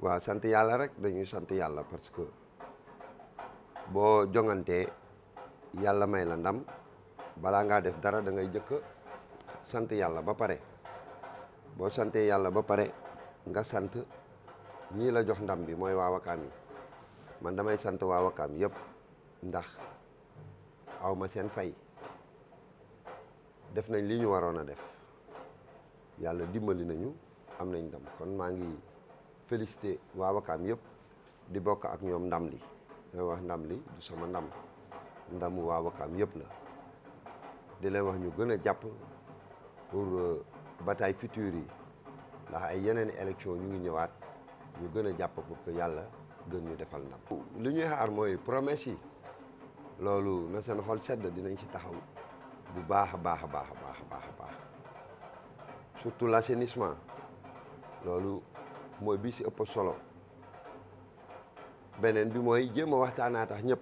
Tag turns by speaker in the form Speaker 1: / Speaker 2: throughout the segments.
Speaker 1: waaw sant yàlla rek dañuy sant yàlla parce que boo jongantee yàlla may la ndam balaa ngaa def dara da ngay jëkk sant yàlla ba pare boo santee yàlla ba pare nga sant ñii la jox ndam bi mooy waa yi man damay sant waa Wakaam yëpp ndax aw seen fay def nañ li ñu waroon a def yàlla dimbali nañu am nañ ndam kon maa ngi félicité waa Wakaam yëpp di bokk ak ñoom ndam li wax ndam li du sama ndam ndamu waa Wakaam yëpp la di leen wax ñu gën a jàpp pour euh, bataay future yi ndax ay yeneen élection ñu ngi ñëwaat ñu gën a jàpp pour que yàlla gën ñu defal ndam li ñuy xaar mooy promesse yi loolu na seen xol sedd dinañ ci taxaw bu baax a baax a baax a baax a baax surtout l'assainissement loolu mooy bi si ëpp solo beneen bi mooy jéem a waxtaanaa tax ñëpp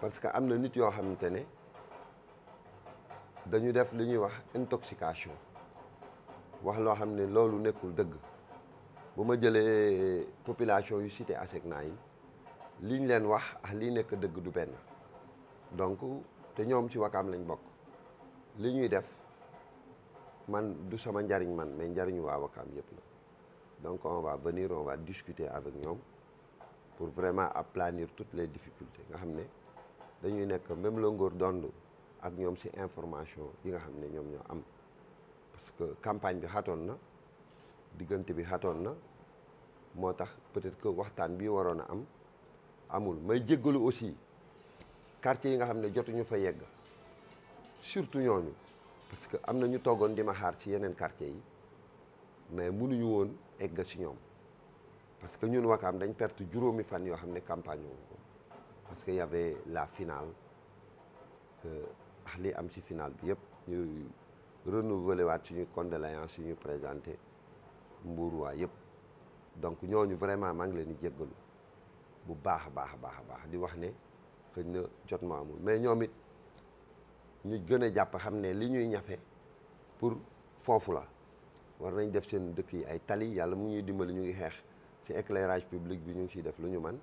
Speaker 1: parce que am na nit yoo xamante ne dañu def li ñuy wax intoxication wax loo xam ne loolu nekkul dëgg bu ma jëlee population yu cité ASECNA yi liñ leen wax ak lii nekk dëgg du benn donc te ñoom ci Wakaam lañ bokk li ñuy def man du sama njariñ man mais njariñu waa Wakaam yëpp la donc on va venir on va discuter avec ñoom pour vraiment aplanir toutes les difficultés nga xam ne dañuy nekk même longueur d'onde ak ñoom ci information yi nga xam ne ñoom ñoo am parce que campagne bi xatoon na diggante bi xatoon na moo tax peut-être que waxtaan bi waroon a am amul may jéggalu aussi quartier yi nga xam ne jotuñu fa yegg surtout ñooñu parce que am na ñu toogoon di ma xaar ci yeneen quartier yi mais mënuñu woon egg ci ñoom parce que ñun Wakaam dañ perte juróomi fan yoo xam ne campagne wu ko parce que y la finale ah euh, li am ci finale bi yëpp ñuy renouveler waat suñu condoléances yi ñu présenté mbuur waa yëpp donc ñooñu vraiment maa ngi leen di bu baax a baax a baax a baax di wax ne xëy na jot ma amul mais ñoom it ñu gën a jàpp xam ne li ñuy ñafe pour foofu la war nañ def seen dëkk yi ay tali yàlla mu ñuy dimbali ñu ngi xeex si éclairage public bi ñu ngi ciy def lu ñu man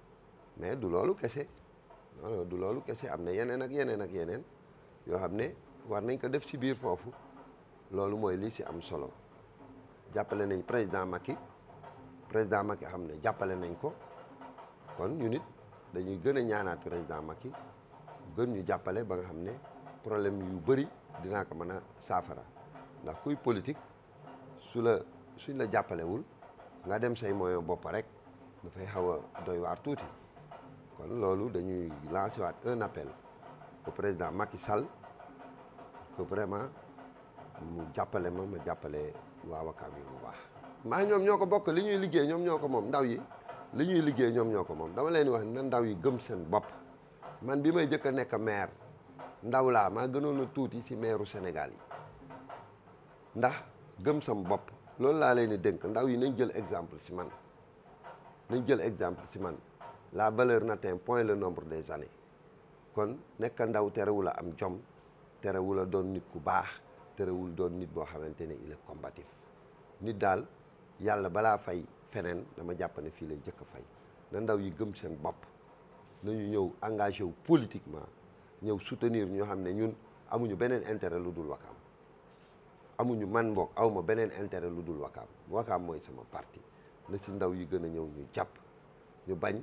Speaker 1: mais du loolu kese du loolu kese am na yeneen ak yeneen ak yeneen yoo xam ne war nañ ko def si biir foofu loolu mooy lii si am solo jàppale nañ président Macky président Macky xam ne jàppale nañ ko kon ñu nit dañuy gën a ñaanaat président Macky gën ñu jàppale ba nga xam ne problème yu bëri dinaa ko mën a saafara ndax kuy politique su la suñ la jàppalewul nga dem say moyen boppa rek dafay xaw a doy waar tuuti kon loolu dañuy lancer waat un appel au président Macky sal que vraiment mu jàppale ma ma jàppale waa Wakaam yi bu baax. maa ñoom ñoo ko bokk li ñuy liggéey ñoom ñoo ko moom ndaw yi li ñuy liggéey ñoom ñoo ko moom dama leen wax na ndaw yi gëm seen bopp man bi may jëkk a nekk maire ndaw laa maa gënoon tuuti si maireu Sénégal yi ndax. gëm sam bopp loolu laa leen di dénk ndaw yi nañ jël exemple si man nañ jël exemple si man la valeur n'atteint point le nombre des années kon nekk ndaw terewul a am jom terewul a doon nit ku baax terewul doon nit boo xamante ne il est nit daal yàlla balaa fay feneen dama jàpp ne fii lay jëkk a fay na ndaw yi gëm seen bopp nañu ñëw engagé wu politiquement ñëw soutenir ñoo xam ne ñun amuñu beneen intérêt lu dul am amuñu man mboog aw ma beneen intérêt lu dul wakaam wakaam mooy sama parti na si ndaw yi gën a ñëw ñu jàpp ñu bañ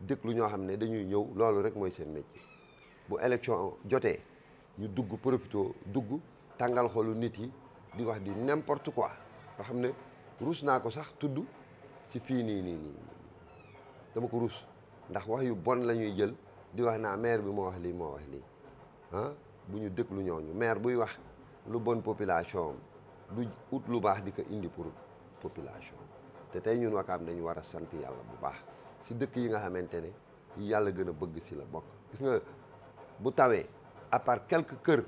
Speaker 1: déglu ñoo xam ne dañuy ñëw loolu rek mooy seen métier bu élection jotee ñu dugg profito dugg tàngal xolu nit yi di wax di n'importe quoi nga xam ne ruus naa ko sax tudd ci fii nii nii nii dama ko ruus ndax wax yu bon la ñuy jël di wax naa maire bi moo wax lii moo wax lii ah bu ñu déglu ñu maire buy wax lu bon population du ut lu baax di ko indi pour population te tey ñun Wakaam dañu war a sant yàlla bu baax si dëkk yi nga xamante ne yàlla gën a bëgg si la bokk gis nga bu tawee à quelque quelques kër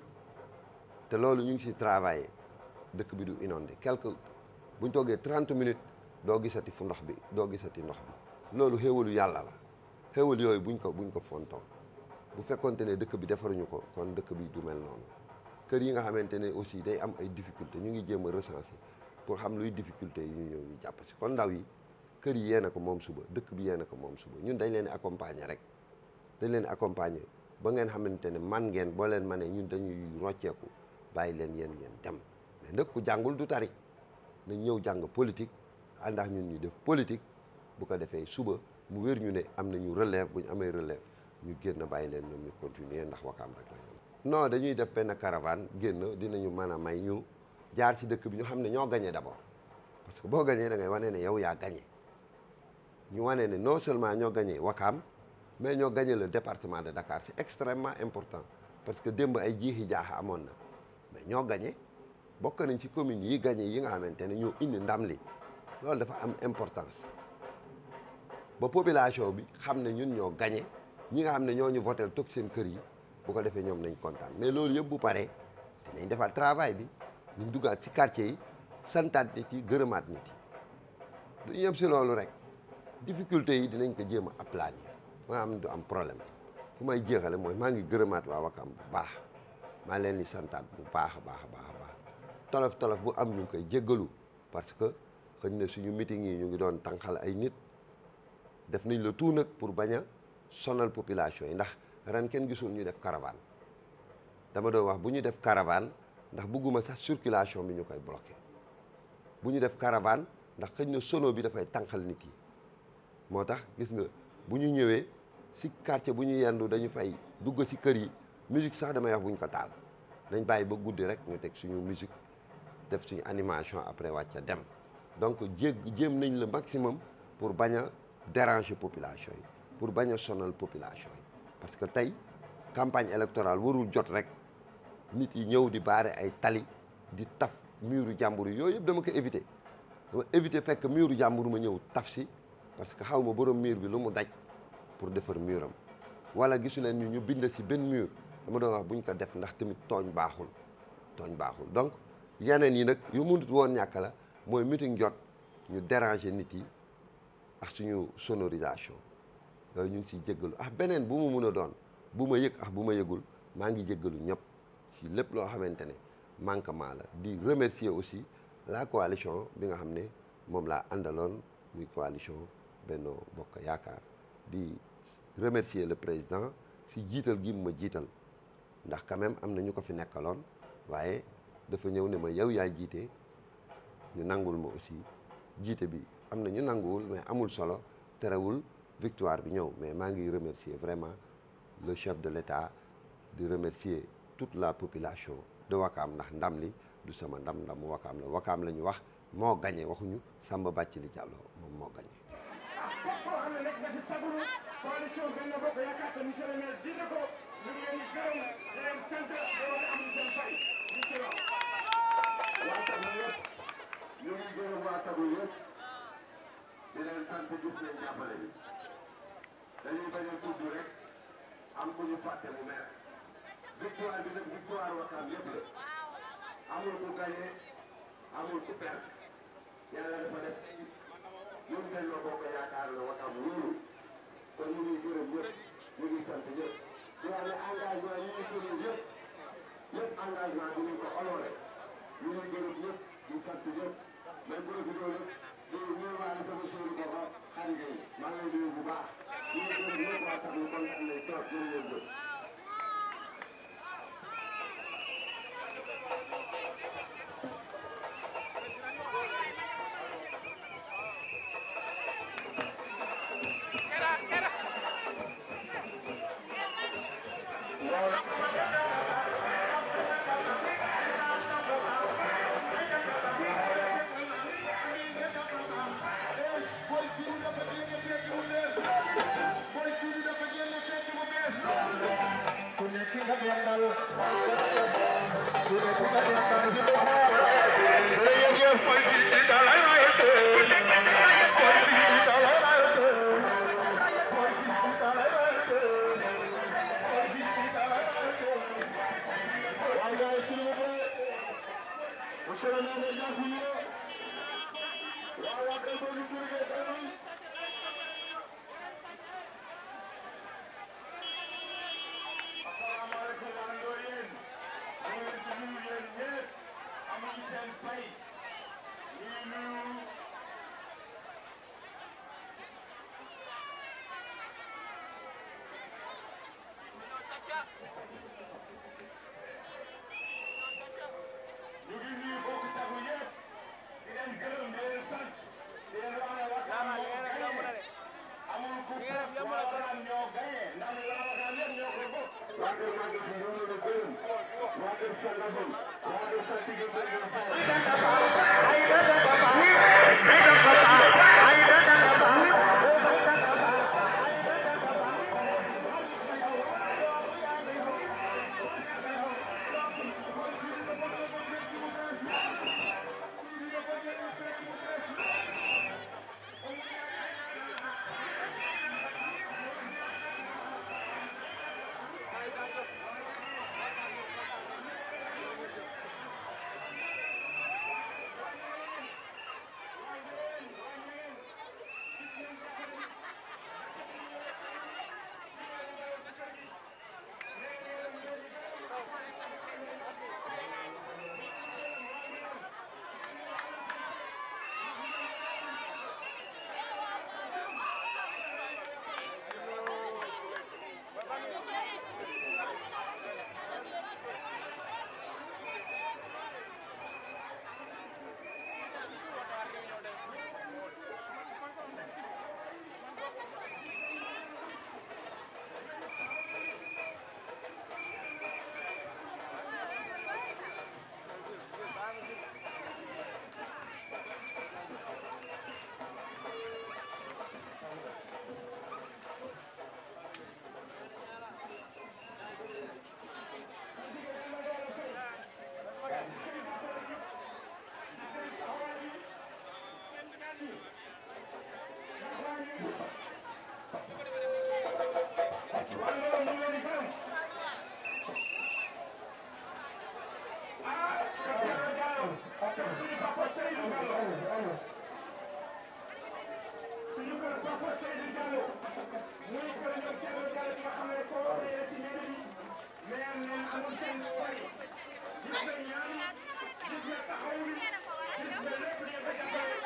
Speaker 1: te loolu ñu ngi si travailler dëkk bi du inondé quelque buñ ñu toogee trente minutes doo gisati fu ndox bi doo gisati ndox bi loolu xéewalu yàlla la xéewal yooyu buñ ko buñ ko fontoon bu fekkonte ne dëkk bi defaruñu ko kon dëkk bi du mel noonu kër yi nga xamante ne aussi day am ay difficulté ñu ngi jéem a recenser pour xam luy difficulté yi ñu ñëw ñu jàpp si kon ndaw yi kër yi yéen a ko moom suba dëkk bi yéen a ko moom suba ñun dañ leen accompagner rek dañ leen accompagner ba ngeen xamante ne man ngeen boo leen manee ñun dañuy rocceeku bàyyi leen yéen ngeen dem mais nag ku jàngul du tari na ñëw jàng politique ànd ak ñun ñu def politique bu ko defee suba mu wér ñu ne am nañu relève bu ñu amee releve ñu génn bàyyi leen ñoom ñu continuer ndax wakaam non dañuy def benn caravane génn dinañu mën a may ñu jaar ci dëkk bi ñu xam ne ñoo gagné d'abord parce que boo gagné da ngay wane ne yow yaa gagné ñu wane ne non seulement ñoo gagné Wakaam mais ñoo gagné le département de Dakar c'est extrêmement important parce que démb ay jiixi jaaxa amoon na ñoo gagné bokk nañ ci communes yi gagné yi nga xamante ne ñoo indi ndam li loolu dafa am importance ba population bi xam ne ñun ñoo gagné ñi nga xam ne ñoo ñu voté toog seen kër yi. bu ko defee ñoom nañ kontaan mais loolu yëpp bu paree dinañ defaat travail bi ñu duggaat ci quartier yi santaat nit yi gërëmaat nit yi du ñu si loolu rek difficulté yi dinañ ko jéem a aplanir maa am du am problème fu may jeexale mooy maa ngi gërëmaat waa Wakam bu baax maa leen di santaat bu baax a baax a baax tolof tolof bu am ñu ngi koy jéggalu parce que xëñ na suñu meeting yi ñu ngi doon tànqal ay nit def nañ la tout nag pour bañ a sonal population yi ndax ren kenn gisul ñu def caravane dama doon wax bu ñu def caravane ndax bëgguma sax circulation bi ñu koy bloqué bu ñu def caravane ndax xëñ na sono bi dafay tànqal nit yi moo tax gis nga bu ñu ñëwee si quartier bu ñu yendu dañu fay dugg ci kër yi musique sax damay wax bu ñu ko taal dañ bàyyi ba guddi rek ñu teg suñu musique def suñu animation après wàcca dem donc jéeg jéem nañ le maximum pour bañ a déranger population yi pour bañ a sonal population yi parce que tey campagne électorale warul jot rek nit yi ñëw di baare ay tali di taf muru jàmbur yi yooyu yëpp dama ko éviter dama éviter fekk miiru jàmbur ma ñëw taf si parce que xaw ma borom miir bi lu mu daj pour defar muram wala gisu leen ni ñu bind si benn mur dama doon wax buñ ko def ndax tamit tooñ baaxul tooñ baaxul donc yeneen yi nag yu mënut woon ñàkk la mooy meeting jot ñu déranger nit yi ak suñu sonorisation ñu ngi ciy jéggalu ah beneen bu mu mun a doon bu ma yëg ah bu ma yëgul maa ngi jéggalu ñëpp ci lépp loo xamante ne manquement la di remercier aussi la bi nga xam ne moom laa àndaloon muy coalition Benno Bokk Yaakaar di remercier le président ci jiital gi mu ma jiital ndax même am na ñu ko fi nekkaloon waaye dafa ñëw ne ma yow yaa jiite ñu nanguwul ma aussi jiite bi am na ñu nanguwul ma amul solo terewul victoire bi ñëw mais maa ngi remercier vraiment le chef de l'État di remercier tout la population de Wakaam ndax ndam li du sama ndam ndamu Wakaam la Wakaam la wax moo gañe waxuñu Samba Bathily Diallo moom moo gañe di gërëm di dañuy bañ a tudd rek am bu ñu fàtte mu meer victoire bi nag yëpp la amul ku gagné amul ku perte yàlla dafa def ñun Benno Bokk Yaakaar la Wakaam wóorul kon ñu ngi gërëm ñëpp ñu ngi sant ñëpp ñu wax ne engagement yi ñu jëloon yëpp yëpp engagement bi ñu ko ñu ngi gërëm ñëpp di sant ñëpp mais profité nag di nuyuwaale sama chéri booba xarit yi maa ngi lay bu baax. ñu ngi leen di nuyu waa Kër Moussa Ndeye Diop jërëjëf di ñu gërëm ba ko Seydou Diallo muy kër ñoom Seydou Diallo bi nga xam ne koo réeré si ñeneen ñi mais nee amul seen way gis nga ñaan gis nga taxaw li gis nga lépp di nga ko jàppale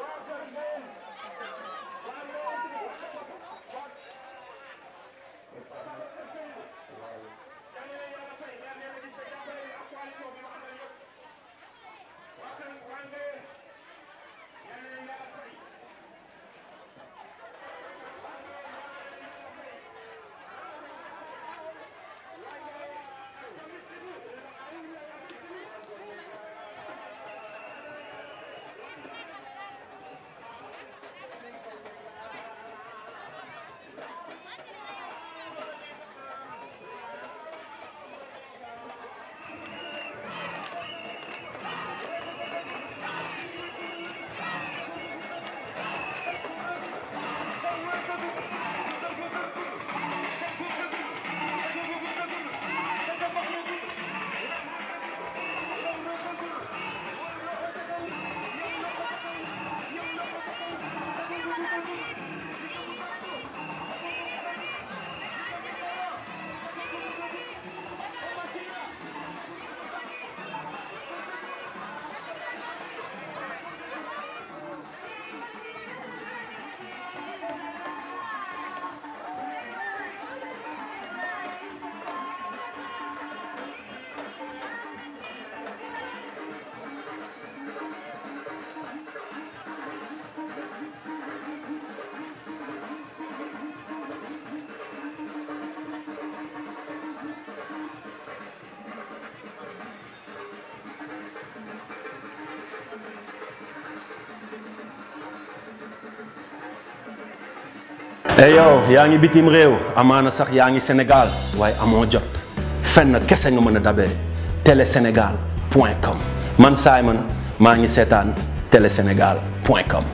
Speaker 1: waa kër moom waa loolu et yow yaa ngi bitim réew amaana sax yaa ngi Sénégal waaye amoo jot fen fenn kese nga mën a dabee télé sénégal point com man Simon maa ngi seetaan télé sénégal point com